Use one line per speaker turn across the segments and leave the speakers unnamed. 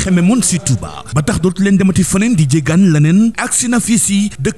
xeme moon si Touba ba tax dootu leen demati feneen di jéggaan leneen na fii bu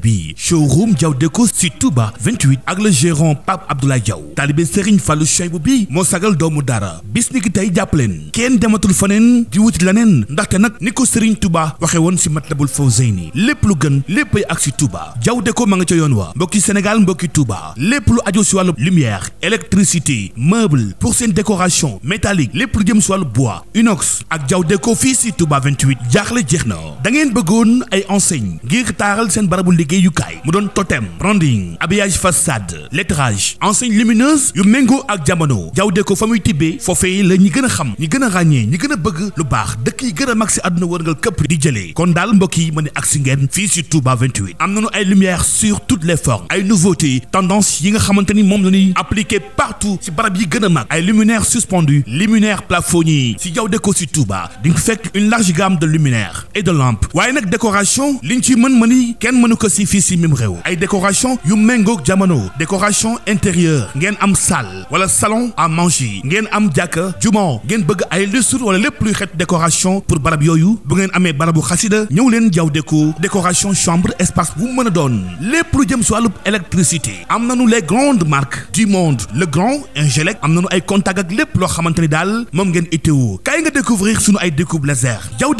bi showroom Jawdeco Déco si Touba 28 ak le gérant Pape Abdoulaye Diaw talibé Serigne Fallou Cheibou bi moo sagal doomu dara bis ni ki tey jàppaleen kenn dematul feneen di wuti leneen ndaxte nag ni ko Serigne Touba waxe woon si Matlabul Les lépp lu gën léppay ak si Touba wa mbokki Sénégal mbokki Touba lépp lu ajo si wàllu lumière électricité meuble pour seen décoration métallique Les lu jëm si bois inox ak Diaw ko fii Touba 28 jaaxle jeex da ngeen bëggoon ay enseigne ngir taaral seen barabu kay mu don totem branding habillage façade lettrage enseigne lumineuse yu mango ak jamono jawde ko famuy tibé fofé la ñi gëna xam ñi gëna rañé le ñi gëna bëgg lu baax dekk yi gëna a mag si àdduna kep di jëlé kon dal mbokk yi ak ci 28 am nañu ay lumière sur toutes les formes ay nouveautés tendance yi nga xamanteni mom moom appliquer partout si barab yi gëna a mag ay luminaire suspendus luminaire plafonnier si jawde ko ci Touba fait une large gamme de luminaires et de lampes waaye nag décoration liñ ci mën mëni kenn mënu ko si fii si mim réew ay décoration yu méngoog jamono décoration intérieure ngeen am salle wala salon à manger ngeen am jàkka jumaa ngeen bëgg ay lustre wala lépp luy xet décoration pour barab yooyu bu ngeen amee barabu xasida ñëw leen jaw déco décoration chambre espace bu mën a doon lépp lu jëm si électricité am les grandes marques du monde le grand Ingelec am a ay contact ak lépp loo xamante ni daal moom ngeen itteewu kay nga découvrir suñu ay di coupe laser jaw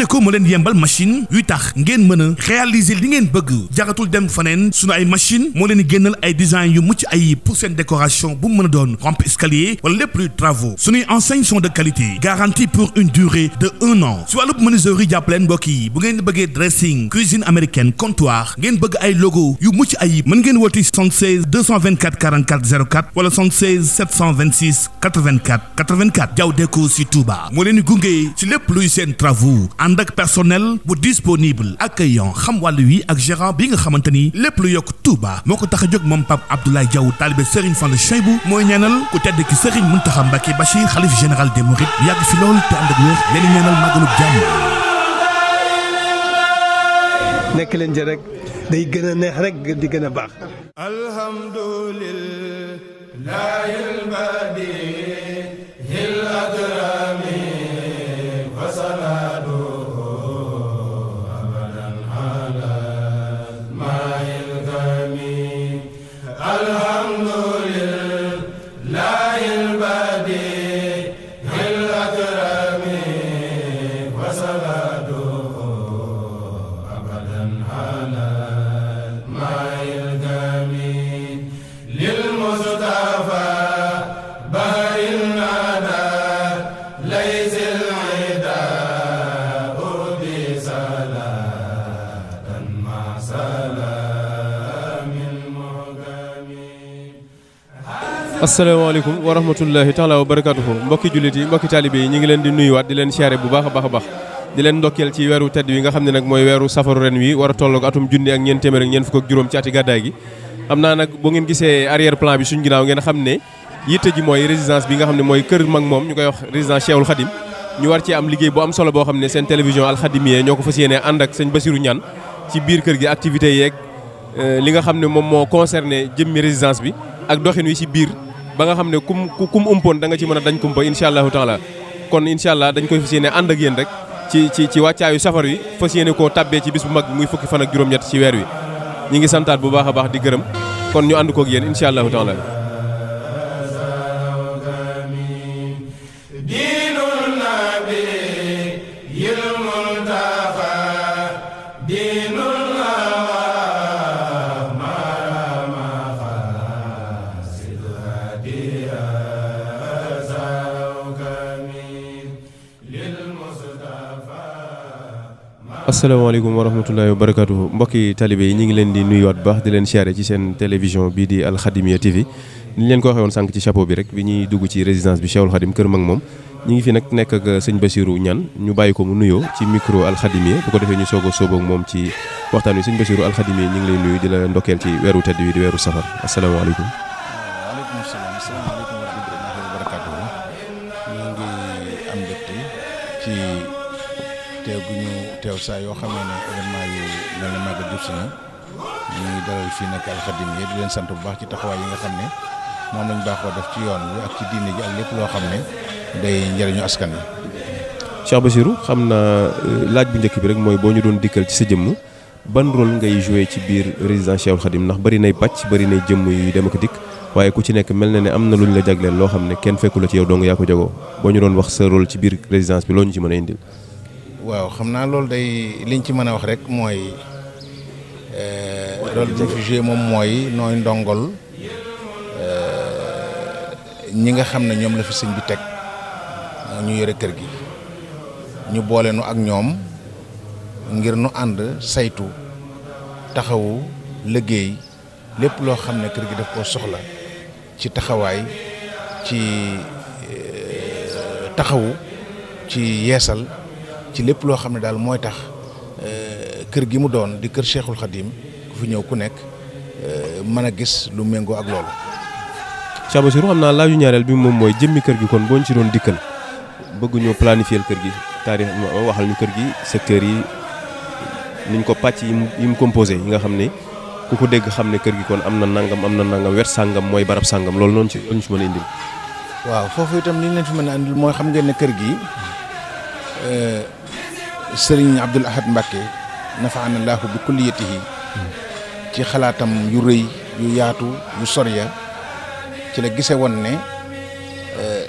yembal machine 8 tax gain mën réaliser li ngeen bëgg jaratul dem Fanen suñu ay machine moo leen a ay design yu mucc ay pour seen décoration bu mu don, rampe escalier wala le plus travaux suñuy enseignes sont de qualité garantie pour une durée de un an si loup menuiserie ya mbokk boki bu dressing cuisine américaine comptoir ngeen bëgg ay logo yu mucc ayib mën ngeen woti 224 44 04 wala 726 84 84 jaw deco si Touba moo leen gunge si le plus seen travaux ànd ak personnel bu disponible accueillant xam wàllu wi ak gérant bi nga xamante lepp lu yok Touba moko ko tax a jóg moom Pape Abdoulaye Diaw talibé Serigne Fallou Cheibou moy ñaanal ku tedd ki Serigne Muntaha Mbacké Bachir Khalife général des Mourides yàgg fi lol te ànd ak wér leen ñaanal màggalu jàmm nekk leen jë rek day gëna neex rek di gën baax
alhamdulillah asalaamaaleykum wa rahmatullahi taala wa barakatuhu mbokki jullit yi mbokki taalibe yi ñu ngi leen di nuyuwaat di leen siyaare bu baax a baax a baax di leen ndokkeel ci weeru tedd wi nga xam ne nag mooy weeru safaru ren wi war a tolloog atum junni ak ñeent téeméer ak ñeent fukk ak juróom ci ati gàddaay gi am naa nag boo ngeen gisee arrière plan bi suñ ginaaw ngeen xam ne yitte ji mooy résidence bi nga xam ne mooy kër mag moom ñu koy wax résidence Cheikhoul Khadim ñu war cee am liggéey bu am solo boo xam ne seen télévision Al Khadimiyyah ñoo ko fas yéene ànd ak sëñ Basirou Niane ci biir kër gi activité yeeg euh, li nga xam ne moom moo concerné jëmmi résidence bi ak doxin wi ci biir ba nga xam ne kum kum umpoon da nga ci mën a dañ kumpa incha allahu taala kon incha allah dañ koy fas yéene ànd rek ci ci ci wàccaayu safar wi fas yéene koo tabbee ci bis mag bi muy fukki fan ak juróom weer wi ñi ngi santaat bu baax a baax di gërëm kon ñu ànd kook yéen incha allahu taala asalaamaaleykum wa rahmatullahi wa barakatuh mbokki talibe yi ñu ngi leen di nuyuwaat bu baax di leen siyaare ci seen télévision bii di alxadimiya TV ni leen ko waxee woon sànq ci chapeau bi rek bi ñuy dugg ci résidence bi Cheikhul Khadim kër mag moom ñu ngi fi nag nekk ak sëñ Basirou ñan ñu bàyyi ko mu nuyoo ci micro alxadimiya bu ko defee ñu soog a sóoboo ak moom ci waxtaan wi sëñ Basirou alxadimiya ñu ngi lay nuyu di la ndokkeel ci weeru tedd wi di weeru safar
saa yoo xamee ne événement yi mel na màgg jub si na ñu ngi dalal fii nekk alxadim yi di leen sant bu baax ci taxawaay yi nga xam ne moom lañ baaxoo def ci yoon wi ak ci diine ji ak lépp loo xam ne day njëriñu askan
wi. Cheikh Bassirou xam naa euh, laaj bu njëkk bi rek mooy boo ñu doon dikkal ci sa jëmm ban rôle ngay joué ci biir résidence Cheikhoul ndax bari nay pàcc bari nay jëmm yu waaye ku ci nekk mel na ne am na lu ñu la jagleel loo xam ne kenn fekku la ci yow dong yaa ko jagoo boo ñu doon wax sa rôle ci biir résidence bi loo ñu ci mën a indil.
waaw xam naa loolu day liñ ci mën a wax rek mooy euh, loolu bi fi joué moom mooy nooy ndongol euh, ñi nga xam ne ñoom la fi sëñ bi teg ñu yore kër gi ñu boole nu ak ñoom ngir nu ànd saytu taxawu liggéey lépp loo xam ne kër gi daf koo soxla ci taxawaay ci euh, taxawu ci yeesal ci lépp loo xam ne daal mooy tax euh, kër gi mu doon di kër Cheikhul Khadim ku fi ñëw ku nekk euh, mën a gis lu méngoo ak loolu.
Cheikh Bassirou xam naa laaju ñaareel bi moom mooy jëmmi kër gi kon boo ñu ci doon dikkal bëgguñoo planifier kër gi taarix waxal kër gi secteur yi niñ ko pàcc yi mu composé yi nga xam ne ku ko dégg xam ne kër gi kon am na nangam am na nangam wet sàngam mooy barab sàngam loolu noonu ci ñu ci mën a indil.
waaw foofu itam li leen fi mën a andil mooy xam ngeen ne kër gi. Euh, sëriñ Abdoul Ahad Mbacke nafaana bi bi kulliyatihi ci xalaatam yu rëy yu yaatu yu soriya ci la gise woon ne eh,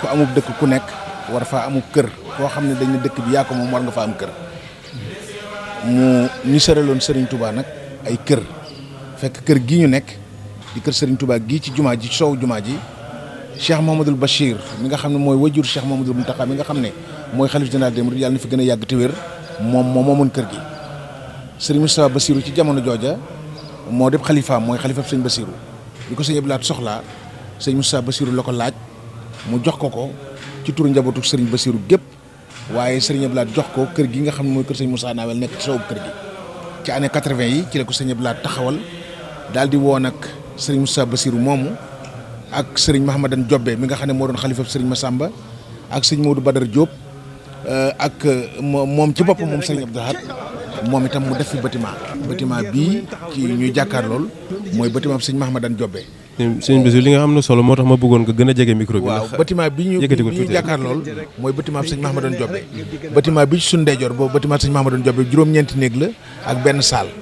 ku amub dëkk ku nekk war faa amub kër koo xam ne dañ dëkk bi yaa ko moom war nga fa am kër mu ñu sëraloon sëriñ Touba nag ay kër fekk kër gi ñu nekk di kër sëriñ Touba gii ci jumaa ji soow jumaa ji Cheikh Mouhamadoul Bachir mu nga xam ne mooy wajur Cheikh Mouhamadoul Mountakha mi nga xam ne moy khalif general demour yalla ni na fi gëna yag yàgg wër mom mom moo moomoon kër gi serigne Moustapha Bassirou ci jamono jojja moo def xalifaam mooy xalifa sëñ Bassirou bi ko sëñ Abdou Lahad Moustapha Bassirou lako laaj mu jox ko ko ci tour njabotou serigne Bassirou gep waye serigne Abdou jox ko kër gi nga xamni moy kër serigne Moussa Nawel nek ci kër gi ci année 80 yi ci la ko sëñ taxawal daldi di nak serigne Moustapha Bassirou momu ak serigne mohammedan Jobbe mi nga xam mo doon khalifa serigne Massamba ak serigne Modou Badar Diop Euh, ak euh, moom ci boppam moom sëriñ Abdou Lahad moom itam mu def fi bâtiment bâtiment bii ci ñuy jàkkaar lool mooy bâtiment bi sëñ Mahamadan Jobbe
sëñ Bassirou li nga xam ne solo moo tax ma bëggoon gën a jege micro bi waaw bâtiment bi ñu ñuy jàkkaar lool
mooy bâtiment bi sëñ Mahamadan Jobbe bâtiment bi ci suñu ndeyjoor boobu bâtiment sëñ Mahamadan Jobbe juróom-ñeenti néeg la ak benn salle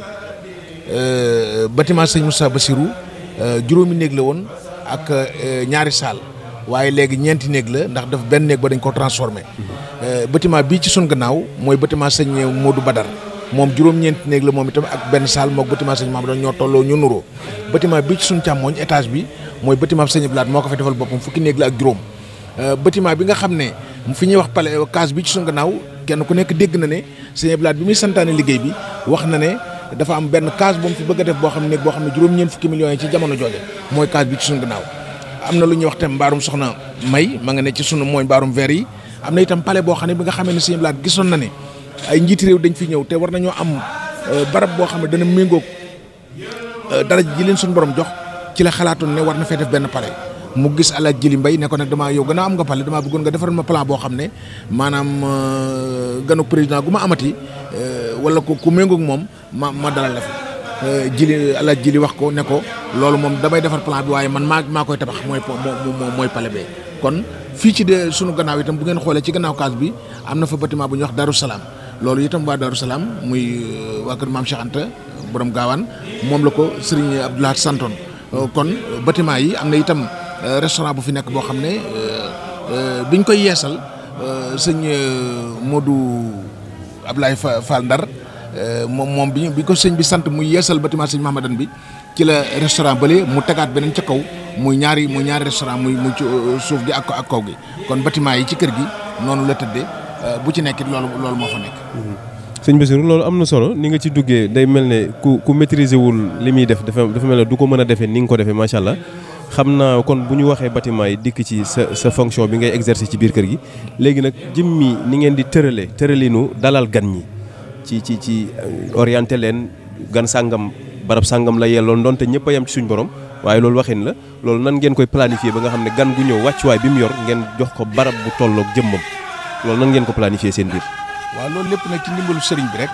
euh, bâtiment sëñ Moussa Bassirou juróomi néeg la woon ak ñaari salle waaye léegi ñeenti néeg la ndax daf benn néeg ba dañ ko transformé euh, bâtiment bii ci sun gannaaw mooy bâtiment sëñ Modou Badar moom juróom-ñeenti néeg la moom itam ak benn salle mook bâtiment sëñ ñoo tolloo ñu nuroo bâtiment bii ci sun càmmooñ étage bi mooy bâtiment sëñ Blaat moo ko fi defal boppam fukki néeg la ak juróom euh, bi nga xam ne fi ñuy wax palais case bi ci sun gannaaw kenn ku nekk dégg na ne sëñ Blaat bi muy santaane liggéey bi wax na ne dafa am benn case bu fi bëgg a def boo xam ne néeg boo xam ne juróom-ñeent fukki millions yi ci jamono jooje mooy case bi ci sun gannaaw am na lu ñuy wax mbaarum soxna may ma nga ne ci sunu mooy mbaarum verre yi am na itam pale boo xam ne bi nga xamee si Sëñ Blaat gisoon na ne ay njiiti réew dañ fi ñëw te war nañoo am euh, barab boo xam ne dana méngook euh, dara ji suñu borom jox ci la xalaatoon ne war na fee benn palais mu gis alaaj jëli mbay nekkoon ko nag damaa yow gën a am nga pale damaa bëggoon nga defaral ma plan boo xam ne maanaam euh, ganu président gu ma amati wala ko ku méngook moom ma ma dalal la fi Euh, jili ala jili wax ko ne ko lolou mom damay defar plan bi waye man ma maa koy tabax moy moy kon fiche ci de sunu gannaaw itam bu ngeen xoolee ci gannaaw kaas bi amna fa bâtiment bu ñu wax daru salaam itam wa daru muy euh, wa keur maam Cheikh Anta borom gawan mom la ko Serigne euh, kon bâtiment yi amna itam restaurant bu fi nek bo xam modu biñ koy yeesal serigne Modou Ablaye Fall Ndar Euh, moom moom bi bi ko sëñ bi sant muy yeesal bâtiment sëñ Mahamadan bi ci la restaurant bële mu tegaat beneen ca kaw muy ñaari muy ñaari restaurant muy mu euh, suuf gi ak ak kaw gi kon bâtiment yi ci kër gi noonu la tëddee euh, bu ci nekkit loolu loolu moo fa nekk.
Mm-hmm. sëñ Bassirou loolu am na solo ni nga ci duggee day mel ne ku ku maîtriser wul li muy def dafa dafa mel ne du ko mën a defee ni nga ko defee macha allah. xam naa kon bu ñu waxee bâtiment yi dikk ci sa sa fonction bi ngay exercer ci biir kër gi léegi nag jëmmi ni ngeen di tëralee tëralinu dalal gan ñi. ci ci ci eh, orienter len gan sangam barab sangam la yelloon donte ñëpp yam ci suñ borom waye lool waxin la lool nan ngeen koy planifier ba nga xamne gan gu waccu way bi mu yor ngeen jox ko barab bu tollok jëmmam lool nan ngeen ko planifier seen bir
wa lool lepp nak ci ndimbalu serigne bi rek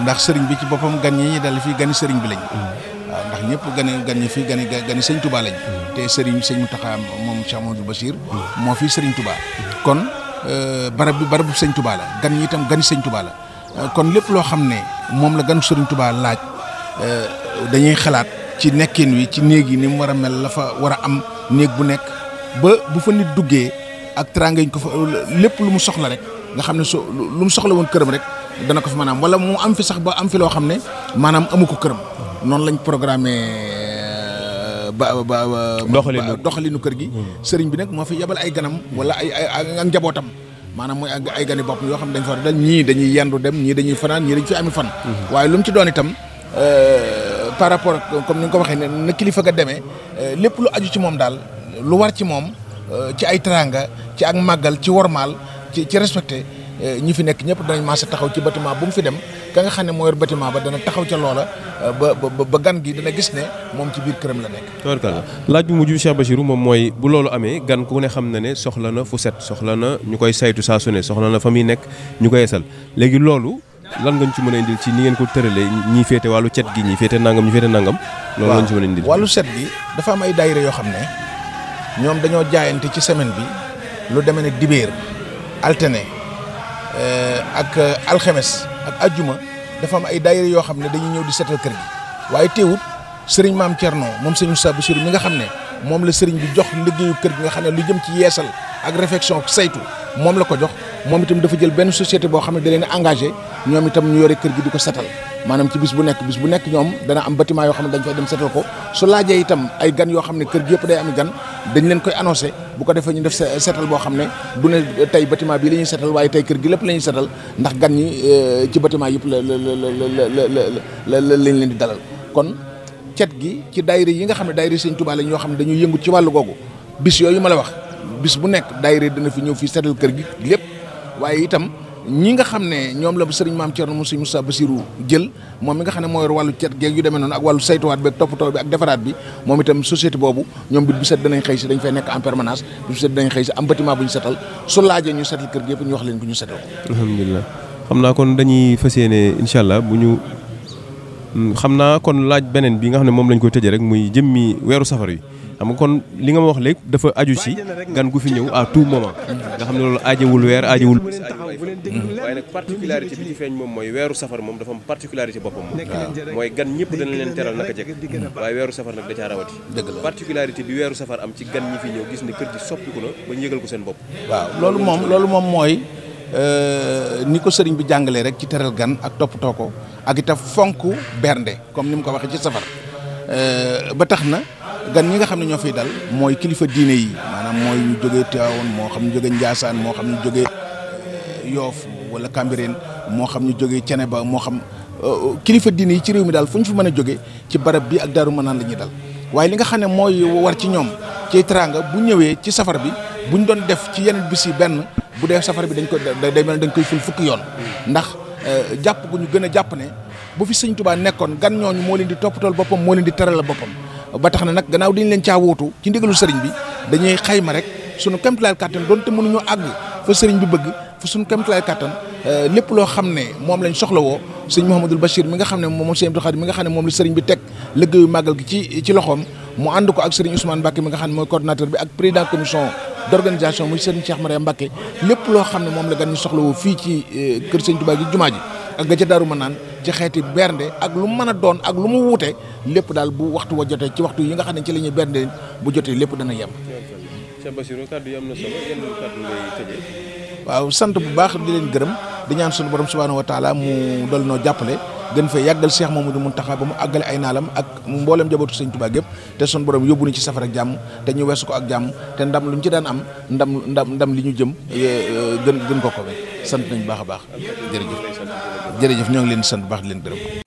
ndax serigne bi ci bopam gan ñi dal fi gan serigne bi lañ ndax ñepp gan gan fi gan gan serigne Touba lañ te sering serigne moutakha mom Cheikh du Bassir mo fi serigne Touba kon euh, barab bi barab serigne Touba la gan ñi tam gan serigne Touba la Euh, kon lépp loo xam ne moom la gan Serigne Touba laaj euh, dañuy xalaat ci nekkin wi ci néeg yi ni mu war a mel la fa war a am néeg bu nekk ba bu fa nit duggee ak teraanga ko fa lépp lu mu soxla rek nga xam ne so lu mu soxla woon këram rek dana ko fa maanaam wala mu am fi sax ba am fi loo xam ne maanaam amu ko këram noonu lañ programmé. Euh, ba ba doxalinu kër gi hmm. sëriñ bi nag moo fi yebal ay ganam wala ay ay ak njabootam maanaam mooy ay gani bopp yoo xam ne dañ fa dal ñii dañuy yendu dem ñii dañuy fanaan ñii dañ fi ami fan mhm. waaye lu mu ci doon itam euh, par rapport comme ni nga ko waxee ne na kilifa ga demee euh, lépp lu aju ci moom daal lu war ci moom euh, ci ay teraanga ci ak màggal ci wormaal ci ci respecté ñi fi nekk ñëpp dañ maase taxaw ci bâtiment bu mu fi dem ka nga xam ne moo yor bâtiment ba dana taxaw ca loola euh, ba ba gan gi dana gis ne moom ci biir këram la nekk.
tubarkalla laaj bu mujj Cheikh Bachirou moom mooy bu loolu amee gan ku ne xam na ne soxla na fu set soxla na ñu koy saytu saa su ne soxla na fa muy nekk ñu koy yeesal léegi loolu. lan nga ñu ci mën a indil ci ni ngeen ko tëralee ñii féete wàllu cet gi ñii féete nangam ñii féete nangam. loolu la ñu ci mën a indil wàllu set
gi dafa am ay daayira yoo xam ne ñoom dañoo jaayante ci semaine bi lu demee ne dibéer altine euh, ak euh, alxemes ak ajjuma dafa am ay daayira yoo xam ne dañuy ñëw di seetal kër gi waaye teewut sëriñ maam Thierno moom sëñ Moussa Bassirou mi nga xam ne moom la sëriñ bi jox liggéeyu kër gi nga xam ne lu jëm ci yeesal ak réflexion saytu moom la ko jox moom itam dafa jël benn société boo xam ne da leen engagé ñoom itam ñu yore kër gi di ko setal maanaam ci bis bu nekk bis bu nekk ñoom dana am bâtiment yoo xam ne dañ fay dem setal ko su laajee itam ay gan yoo xam ne kër yëpp day am gan dañu leen koy annoncé bu ko defee ñu def seetal boo xam ne du ne tey bâtiment bi la ñuy seetal waaye tey kër gi lépp lañuy ñuy ndax gan ñi ci bâtiment yëpp la la la la leen di dalal kon cet gi ci daayira yi nga xam ne daayira Sëñ Tuubaa la ñoo xam ne dañuy yëngu ci wàllu googu bis yooyu ma la wax bis bu nekk daayira dina fi ñëw fii seetal kër gi lépp waaye itam ñi nga xam ne ñoom la bu sëriñ maam Thierno Moussa Moussa Bassirou jël moom mi nga xam ne mooy wàllu cet geeg yu demee noonu ak wàllu saytuwaat bi ak toppatoo bi ak defaraat bi moom itam société boobu ñoom bit bu set danañ xëy si dañ fay nekk en permanence bit bu am bâtiment bu ñu setal su laajee ñu setal kër gi yëpp ñu wax leen ko ñu setal
alhamdulilah xam naa kon dañuy fa yéene incha allah bu ñu mm, xam naa kon laaj beneen bi nga xam ne moom lañ koy tëjee rek muy jëmmi weeru safar yi xam kon li nga wax dafa aju ci gan gu fi ñëw à tout moment nga xam ne aja aajewul weer aajewul waaye nag particularité bi ci feeñ moom mooy weeru safar moom dafa am particularité boppam gan ñëpp dana leen teral naka jekk waaye weeru safar nag da caa rawati particularité bi weeru safar am ci gan ñi fi ñëw gis ne kër gi soppiku na ba ñu ko seen bopp waaw loolu moom
loolu moom mooy euh, bi rek ci gan ak toppatoo ko ak bernde comme ni ko waxee ci safar euh, ba na gan ñi nga xam ne ñoo fi dal mooy kilifa diine yi maanaam mooy ñu jógee Tivaouane moo xam ñu jógee Ndiassane moo xam ñu jógee eh, Yoff wala Cambérène moo xam ñu jógee Ceneba moo xam euh, kilifa diine yi ci réew mi daal fu ñu fi mën a jógee ci barab bi ak Daaru Manaan la ñuy dal waaye li nga xam ne mooy war ci ñoom ci teraanga bu ñëwee ci safara bi bu ñu doon def ci yeneen bis yi benn bu dee safara bi dañ ko day mel dañ koy ful fukki yoon ndax eh, jàpp gu ñu gën a jàpp ne bu fi sëñ Tuubaa gan ñooñu moo leen di toppatool moo leen di teral boppam ba tax na nag gannaaw dañ leen caa wootu ci ndigalu sëriñ bi dañuy xayma rek sunu kéemtalaay kàttan donte mënuñoo àgg fa sëriñ bi bëgg fa sunu kéemtalaay kàttan euh, lépp loo xam ne moom lañ soxlawoo sëñ Mouhamadul Bachir mi nga xam ne moom sëñ Abdou Khadim mi nga xam ne moom la sëriñ bi teg liggéeyu màggal gi ci ci loxoom mu ànd ko ak sëriñ Ousmane Mbacke mi nga xam ne mooy coordonnateur bi ak président commission d'organisation muy sëriñ Cheikh Mariam Mbacke lépp loo xam ne moom la gan ñu soxlawoo fii ci euh, kër sëñ Touba gi jumaa ji ak ga ca Daaru Manaan ci xeeti bernde ak lu mën a doon ak lu mu wuute lépp daal bu waxtu wa jotee ci waxtu yi nga xam ne ci la ñuy bernde bu jotee lépp dana yem.
Cheikh Bassirou kàddu yi am na solo yan
waaw sant bu baax di leen gërëm di ñaan sunu borom subhaanahu wa taala mu dol noo jàppale. gën fee yàggal Cheikh mun Mountakha ba mu àggale ay naalam ak mboolem jabootu sëñ Tuubaa gépp te sun borom yóbbu ñu ci safara ak jàmm te ñu weesu ko ak jàmm te ndam lu ñu ci daan am ndam ndam ndam li ñu jëm gën gën ko ko sant nañ baax a baax jërëjëf jërëjëf ñoo ngi leen sant
baax leen gërëm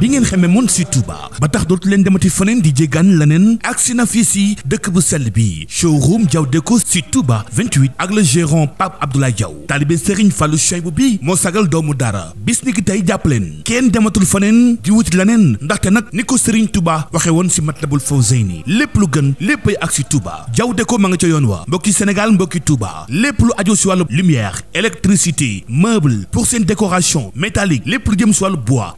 bi ngeen xamee moon si Touba ba tax dootu leen demati feneen di jéggaan leneen ak si na fii si dëkk bu sell bi showroom jaw Déco si Touba 28 ak le gérant Pape Abdoulaye Diaw taalibe Serigne Fallou Cheibou bi moo sagal doomu dara bis ni ki tey jàppaleen kenn dematul feneen di wuti leneen ndaxte nag ni ko Serigne Touba waxee woon si Matlabul Fawzayni lépp lu gën léppay ak si Touba Diaw Déco ma nga ca yoon wa mbokki Sénégal mbokki Touba lépp lu ajo si wàllu lumière électricité meuble pour seen décoration métallique lépp lu si wàllu bois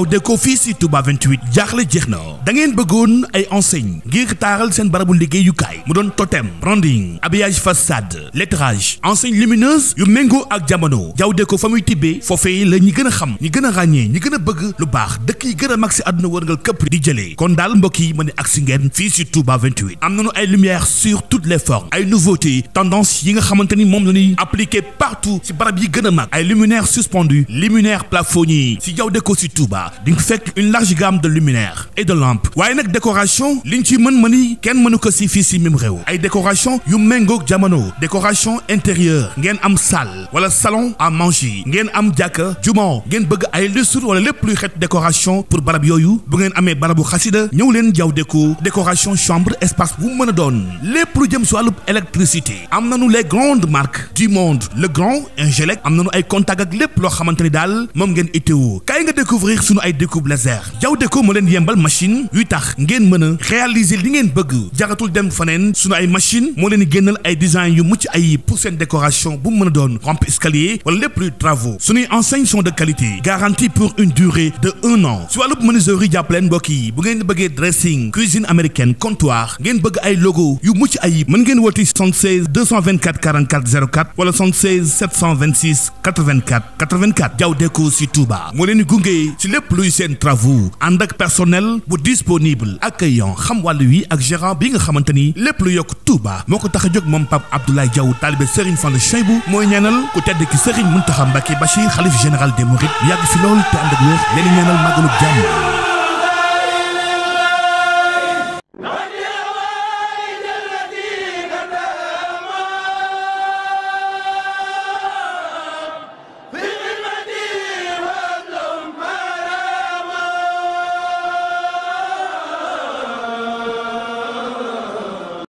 cawde ko fii si Touba 28 jaaxle jeex na da ngeen bëggoon ay enseigne ngir taaral seen barabu liggéeyukaay mu doon totem branding habillage façade lettrage enseigne lumineuse yu méngoo ak jamono jaw ko fa muy tibbee foofee la ñi gën a xam ñi gën a ràññee ñi gën a bëgg lu baax dëkk yi gën a mag si àdduna wërngal këpp di jëlee kon daal mbokk yi ma ne ngeen fii Touba 28 am nañu ay lumière sur toutes les formes ay nouveauté, tendance yi nga xamante ni moom la appliqué partout si barab yi gën a mag ay luminaire suspendu luminaire plafonnier si jaw ko si Touba d'une di une large gamme de luminaires et de lampes waaye nag décoration liñ ci mën mën yi mënu ko si fii si mim réew ay décoration yu méngoog jamono décoration intérieure ngeen am salle wala salon à manger ngeen am jàkka jumon ngeen bëgg ay lustre wala lépp luy xet décoration pour barab yooyu bu ngeen amee barabu xasida ñëw leen jaw déco décoration chambre espace bu mën a doon lépp lu jëm si électricité am les grandes marques du monde le grand Ingelec am nañu ay contact ak lépp loo xamante ni daal moom ngeen itteewu kay nga découvrir sunu ay découpe laser jaw déco mo len yembal machine huit tax ngeen meuna réaliser li ngeen bëgg jaratul dem fanen sunu ay machine mo leen génnal ay design yu mucc ay pour seen décoration bu meuna don rampe escalier wala lépp luy travaux sunu enseignes sont de qualité garantie pour une durée de un an si wàllub menuiserie jàppaleen mbokk yi bu ngeen bëggee dressing cuisine américaine comptoir ngeen bëgg ay logo yu mucc ay mën ngeen woti 76 224 44 04 wala 76 726 84 84 jaw déco si Touba moo leen gunge lépp luy seen travaux ànd ak personnel bu disponible accueillant xam wàllu wi ak gérant bi nga xamante ni lépp lu yokk Touba moo ko tax a jóg moom Pape Abdoulaye Diaw taalibe Serigne Fallou Cheibou mooy ñaanal ku tedd ki Serigne Mountakha Mbacké Bachir xalif général des Mourides yàgg fi lool te ànd ak wér leen ñaanal màggalub jàmm